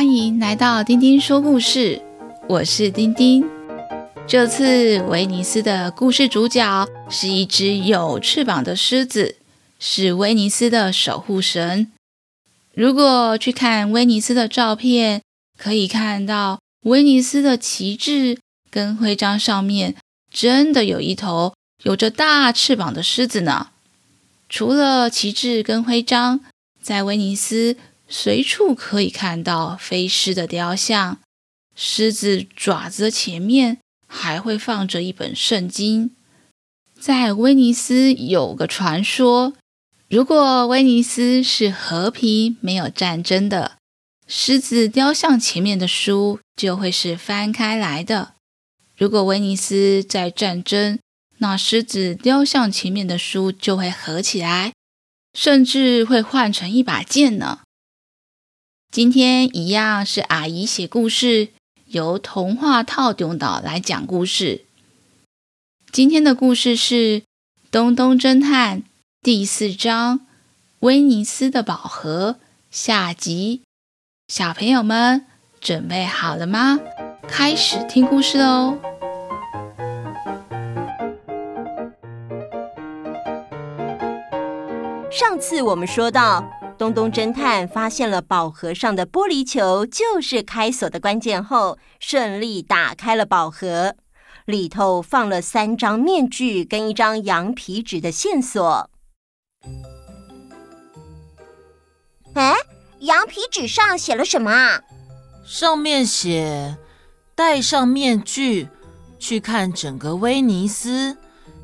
歡迎來到丁丁說故事，我是丁丁。這次威尼斯的故事主角是一隻有翅膀的獅子，是威尼斯的守護神。如果去看威尼斯的照片，可以看到威尼斯的旗幟跟徽章上面真的有一頭有着大翅膀的獅子呢。除了旗幟跟徽章，在威尼斯，隨處可以看到飛獅的雕像，獅子爪子的前面還會放着一本聖經。在威尼斯有個傳說：如果威尼斯是和平、沒有戰爭的，獅子雕像前面的書就會是翻開來的；如果威尼斯在戰爭，那獅子雕像前面的書就會合起來，甚至會換成一把劍呢。今天一樣是阿姨寫故事，由童話透中島來講故事。今天的故事是《東東偵探》第四章《威尼斯的寶盒》下集。小朋友們準備好了嗎？開始聽故事嘍！上次我們說到。東東偵探發現了寶盒上的玻璃球就是開鎖的關鍵後，順利打開了寶盒，裡頭放了三張面具跟一張羊皮紙的線索。誒，羊皮紙上寫了什麼啊？上面寫：“戴上面具，去看整個威尼斯，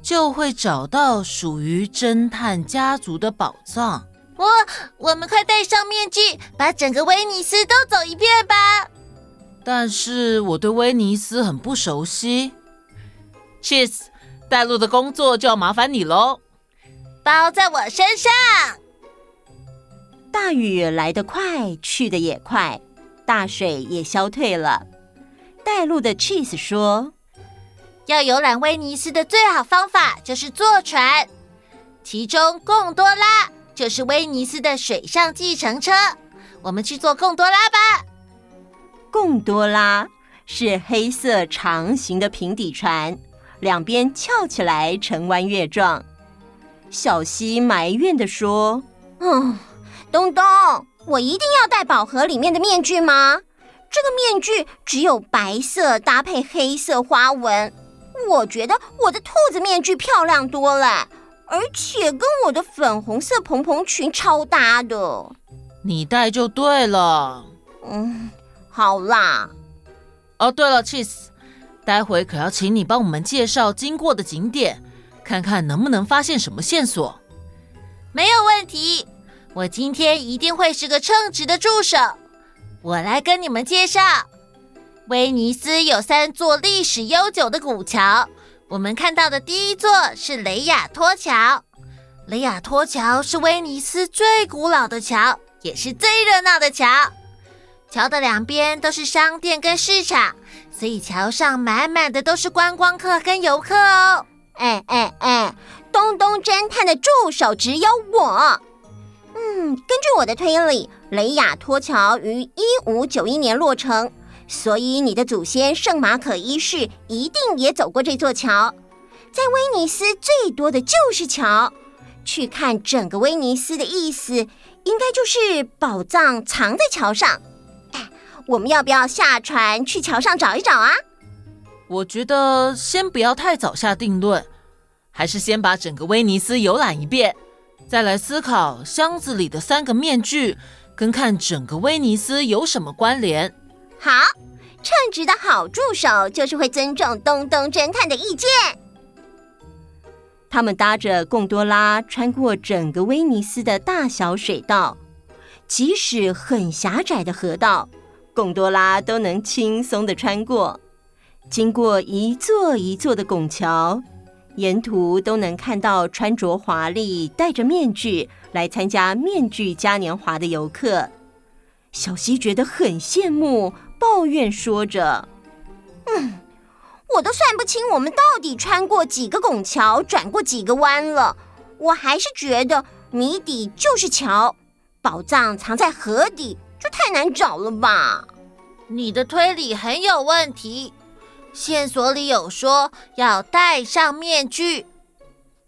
就會找到屬於偵探家族的寶藏。”我，oh，我們快戴上面具，把整個威尼斯都走一遍吧。但是我對威尼斯很不熟悉，Cheese，帶路的工作就要麻煩你嘍。包在我身上。大雨來得快，去得也快，大水也消退了。帶路的 Cheese 說，要遊覽威尼斯的最好方法就是坐船，其中貢多拉，就是威尼斯的水上計程車，我們去坐貢多拉吧。貢多拉是黑色長形的平底船，兩邊翹起來呈彎月狀。小希埋怨地說：“嗯，東東，我一定要戴寶盒裡面的面具嗎？這個面具只有白色搭配黑色花紋，我覺得我的兔子面具漂亮多了。”而且跟我的粉紅色蓬蓬裙超搭的，你戴就對了。嗯，好啦。哦，對了，Cheese，待會可要請你幫我們介紹經過的景點，看看能不能發現什麼線索。沒有問題，我今天一定會是個稱職的助手。我來跟你們介紹，威尼斯有三座歷史悠久的古橋。我們看到的第一座是雷雅托橋，雷雅托橋是威尼斯最古老的橋，也是最熱鬧的橋。橋的兩邊都是商店跟市場，所以橋上滿滿的都是觀光客跟遊客哦。哎哎哎，東東偵探的助手只有我。嗯，根據我的推理，雷雅托橋於一五九一年落成。所以你的祖先聖馬可一世一定也走過這座橋，在威尼斯最多的就是橋。去看整個威尼斯的意思，應該就是寶藏藏在橋上。唉，我們要不要下船去橋上找一找啊？我覺得先不要太早下定論，還是先把整個威尼斯遊覽一遍，再來思考箱子裡的三個面具跟看整個威尼斯有什麼關聯。好。稱職的好助手就是會尊重東東偵探的意見。他們搭着貢多拉穿過整個威尼斯的大小水道，即使很狹窄的河道，貢多拉都能輕鬆地穿過。經過一座一座的拱橋，沿途都能看到穿着華麗、戴着面具來參加面具嘉年華的遊客。小希覺得很羨慕。抱怨說着：“嗯，我都算不清我們到底穿過幾個拱橋，轉過幾個彎了。我還是覺得謎底就是橋，寶藏藏在河底，就太難找了吧？你的推理很有問題。線索裡有說要戴上面具，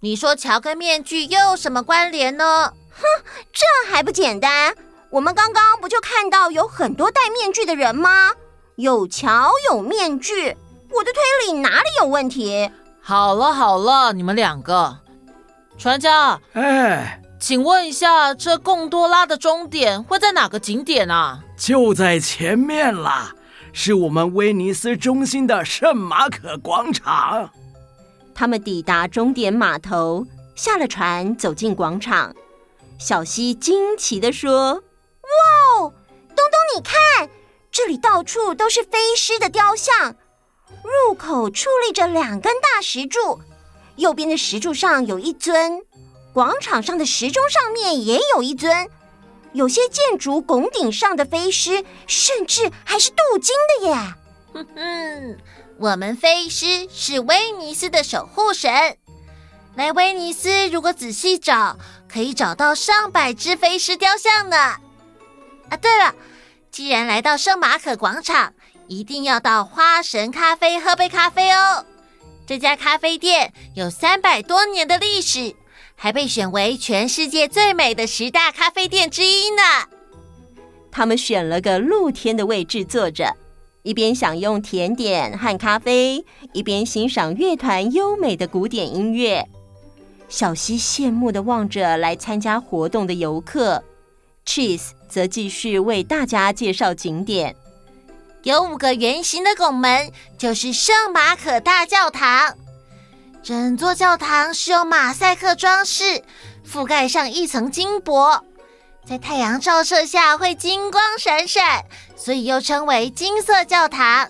你說橋跟面具又有什麼關聯呢？哼，這還不簡單？”我們剛剛不就看到有很多戴面具的人嗎？有橋，有面具，我的推理哪裡有問題？好了好了，你們兩個，船家，哎，請問一下，這貢多拉的終點會在哪個景點啊？就在前面了，是我們威尼斯中心的聖馬可廣場。他們抵達終點碼頭，下了船，走進廣場。小希驚奇地說。哇哦，東東，你看，這裡到處都是飛獅的雕像。入口矗立着兩根大石柱，右邊的石柱上有一尊，廣場上的時鐘上面也有一尊。有些建築拱頂上的飛獅，甚至還是鍍金的耶。哼哼，我們飛獅是威尼斯的守護神。來威尼斯，如果仔細找，可以找到上百隻飛獅雕像呢。啊，對了，既然來到聖馬可廣場，一定要到花神咖啡喝杯咖啡哦。這家咖啡店有三百多年的歷史，還被選為全世界最美的十大咖啡店之一呢。他們選了個露天的位置坐着，一邊享用甜點和咖啡，一邊欣賞樂團優美的古典音樂。小希羨慕的望着來參加活動的遊客。Cheese 則繼續為大家介紹景點，有五個圓形的拱門，就是聖馬可大教堂。整座教堂是用馬賽克裝飾，覆蓋上一層金箔，在太陽照射下會金光閃閃，所以又稱為金色教堂。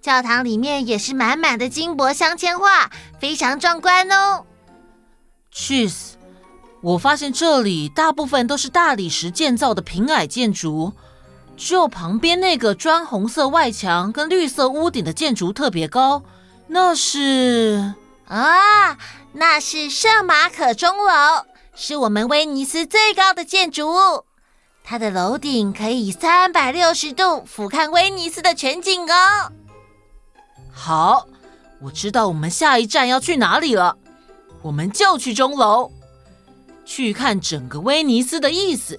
教堂裡面也是滿滿的金箔鑲嵌畫，非常壯觀哦。Cheese。我發現這裡大部分都是大理石建造的平矮建築，只有旁邊那個磚紅色外牆跟綠色屋頂的建築特別高。那是啊，那是聖馬可鐘樓，是我們威尼斯最高的建築物，它的樓頂可以三百六十度俯瞰威尼斯的全景哦。好，我知道我們下一站要去哪裡了，我們就去鐘樓。去看整個威尼斯的意思，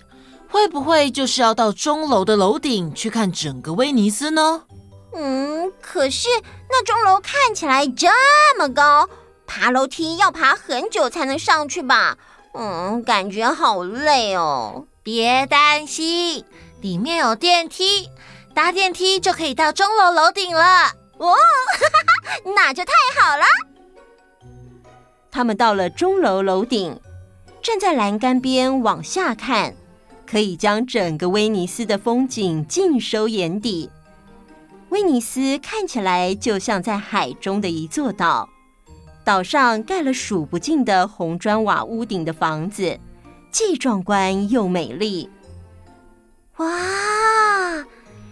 會不會就是要到鐘樓的樓頂去看整個威尼斯呢？嗯，可是那鐘樓看起來這麼高，爬樓梯要爬很久才能上去吧？嗯，感覺好累哦。別擔心，裡面有電梯，搭電梯就可以到鐘樓樓頂了。哇、哦哈哈，那就太好了。他們到了鐘樓樓頂。站在欄杆邊往下看，可以將整個威尼斯的風景盡收眼底。威尼斯看起來就像在海中的一座島，島上蓋了數不盡的紅磚瓦屋頂的房子，既壯觀又美麗。哇，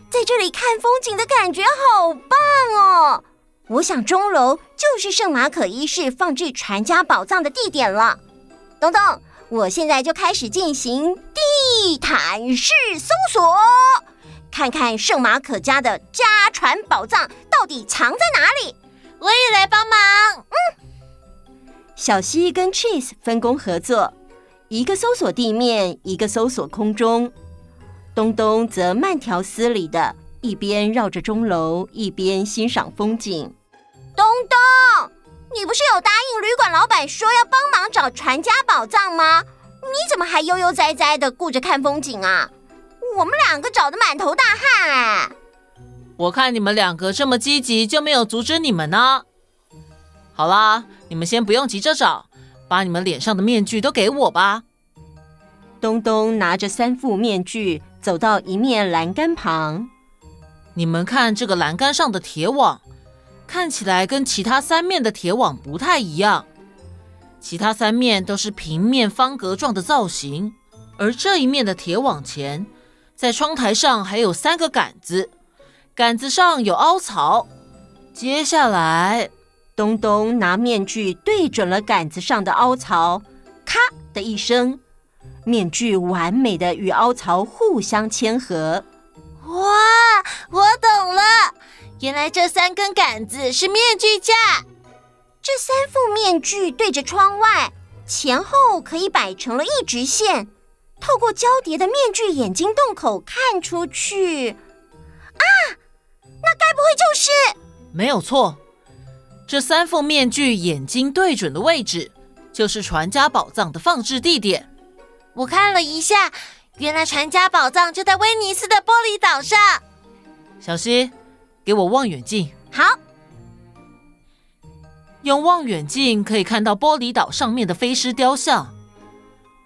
在這裡看風景的感覺好棒哦！我想鐘樓就是聖馬可一世放置傳家寶藏的地點了。東東，我現在就開始進行地毯式搜索，看看聖馬可家的家傳寶藏到底藏在哪裡。我也來幫忙。嗯，小希跟 Cheese 分工合作，一個搜索地面，一個搜索空中。東東則慢條斯理地，一邊繞着鐘樓，一邊欣賞風景。東東。你不是有答應旅館老闆說要幫忙找傳家寶藏嗎？你怎麼還悠悠哉哉的顧着看風景啊？我們兩個找的滿頭大汗哎啊！我看你們兩個這麼積極，就沒有阻止你們呢啊。好啦，你們先不用急着找，把你們臉上的面具都給我吧。東東拿着三副面具走到一面欄杆旁，你們看這個欄杆上的鐵網。看起來跟其他三面的鐵網不太一樣，其他三面都是平面方格狀的造型，而這一面的鐵網前，在窗台上還有三個桿子，桿子上有凹槽。接下來，東東拿面具對準了桿子上的凹槽，咔的一聲，面具完美的與凹槽互相嵌合。哇，我懂了。原來這三根杆子是面具架，這三副面具對着窗外，前後可以擺成了一直線。透過交疊的面具眼睛洞口看出去，啊，那該不會就是？沒有錯，這三副面具眼睛對準的位置，就是傳家寶藏的放置地點。我看了一下，原來傳家寶藏就在威尼斯的玻璃島上。小希。給我望遠鏡。好，用望遠鏡可以看到玻璃島上面的飛獅雕像，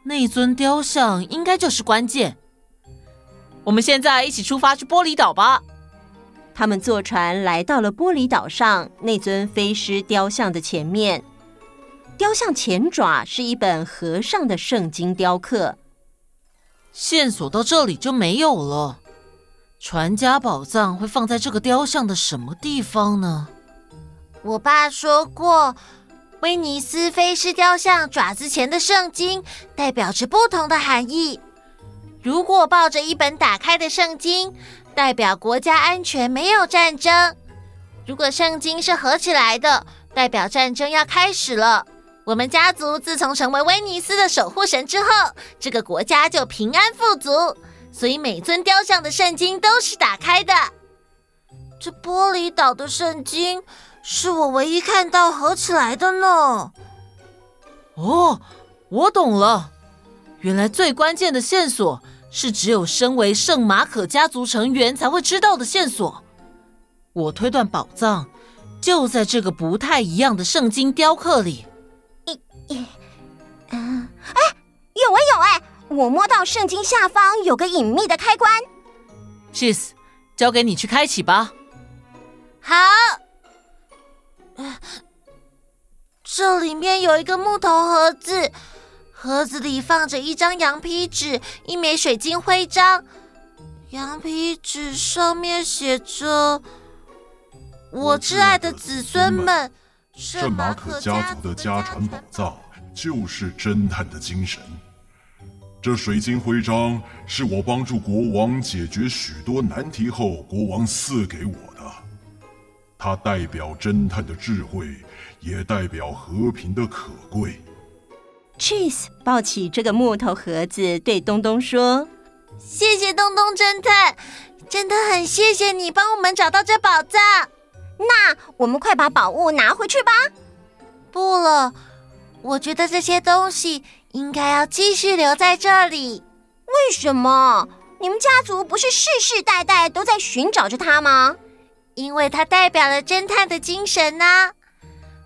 那尊雕像應該就是關鍵。我們現在一起出發去玻璃島吧。他們坐船來到了玻璃島上，那尊飛獅雕像的前面，雕像前爪是一本和尚的聖經雕刻。線索到這裡就沒有了。傳家寶藏會放在這個雕像的什麼地方呢？我爸說過，威尼斯飛獅雕像爪子前的聖經代表着不同的含義。如果抱着一本打開的聖經，代表國家安全沒有戰爭；如果聖經是合起來的，代表戰爭要開始了。我們家族自從成為威尼斯的守護神之後，這個國家就平安富足。所以每尊雕像的聖經都是打開的。這玻璃島的聖經是我唯一看到合起來的呢。哦，我懂了，原來最關鍵的線索是只有身為聖馬可家族成員才會知道的線索。我推斷寶藏就在這個不太一樣的聖經雕刻裡。我摸到聖經下方有個隱秘的開關，Cheese，交給你去開啟吧。好。嗯，這裡面有一個木頭盒子，盒子裡放着一張羊皮紙、一枚水晶徽章。羊皮紙上面寫着：“我摯愛的子孫們，聖馬可家族的家傳寶藏就是偵探的精神。”這水晶徽章是我幫助國王解決許多難題後，國王賜給我的。它代表偵探的智慧，也代表和平的可貴。Cheese 抱起這個木頭盒子，對東東說：“謝謝東東偵探，真的很謝謝你幫我們找到這寶藏。那我們快把寶物拿回去吧。”不了，我覺得這些東西，應該要繼續留在這裡。為什麼？你們家族不是世世代代都在尋找着他嗎？因為他代表了偵探的精神呢。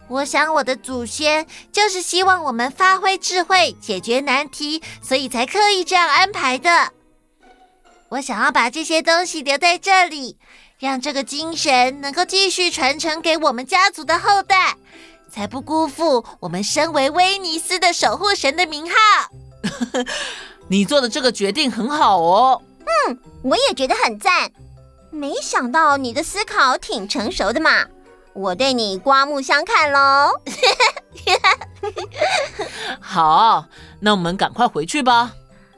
我想我的祖先就是希望我們發揮智慧，解決難題，所以才刻意這樣安排的。我想要把這些東西留在這裡，讓這個精神能夠繼續傳承給我們家族的後代，才不辜負我們身為威尼斯的守護神的名號。 你做的這個決定很好哦。嗯，我也覺得很贊。沒想到你的思考挺成熟的嘛，我對你刮目相看嘍。 好，那我們趕快回去吧。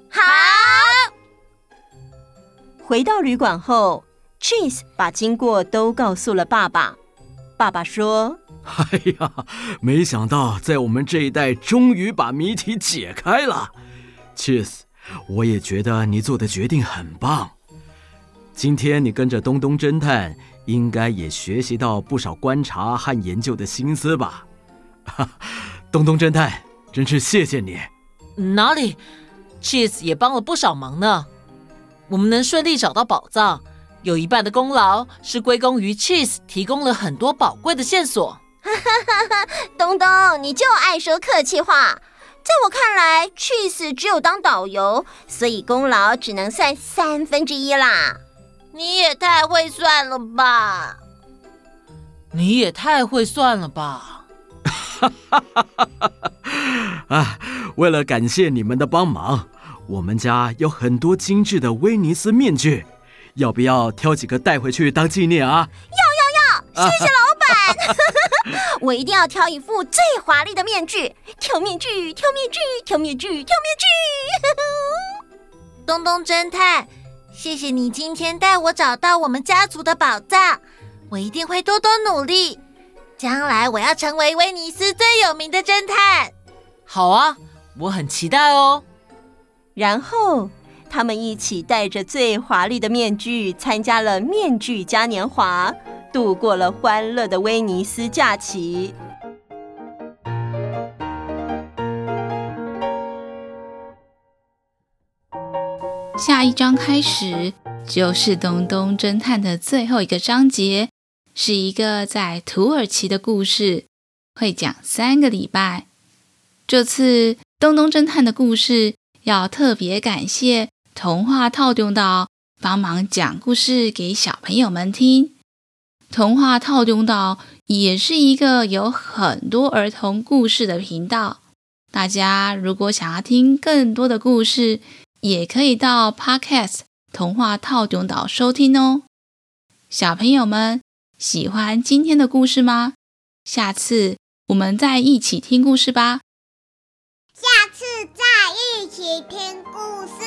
好。回到旅館後，Cheese 把經過都告訴了爸爸。爸爸說：“哎呀，沒想到在我們這一代終於把謎題解開了，Cheese，我也覺得你做的決定很棒。今天你跟着東東偵探，應該也學習到不少觀察和研究的心思吧？哈哈，東東偵探，真是謝謝你。哪裡，Cheese 也幫了不少忙呢。我們能順利找到寶藏。”有一半的功勞是歸功於 Cheese 提供了很多寶貴的線索。哈哈哈哈，東東，你就愛說客氣話。在我看來，Cheese 只有當導遊，所以功勞只能算三分之一啦。你也太會算了吧！你也太會算了吧！哈哈哈哈哈哈，啊，為了感謝你們的幫忙，我們家有很多精緻的威尼斯面具。要不要挑幾個帶回去當紀念啊？要要要！謝謝老闆，啊、哈哈哈哈 我一定要挑一副最華麗的面具。挑面具，挑面具，挑面具，挑面具。 東東偵探，謝謝你今天帶我找到我們家族的寶藏。我一定會多多努力，將來我要成為威尼斯最有名的偵探。好啊，我很期待哦。然後。他們一起戴着最華麗的面具，參加了面具嘉年華，度過了歡樂的威尼斯假期。下一章開始就是東東偵探的最後一個章節，是一個在土耳其的故事，會講三個禮拜。這次東東偵探的故事要特別感謝。童話透中島幫忙講故事給小朋友們聽。童話透中島也是一個有很多兒童故事的頻道。大家如果想要聽更多的故事，也可以到 Podcast 童話透中島收聽哦。小朋友們喜歡今天的故事嗎？下次我們再一起聽故事吧。下次再一起聽故事。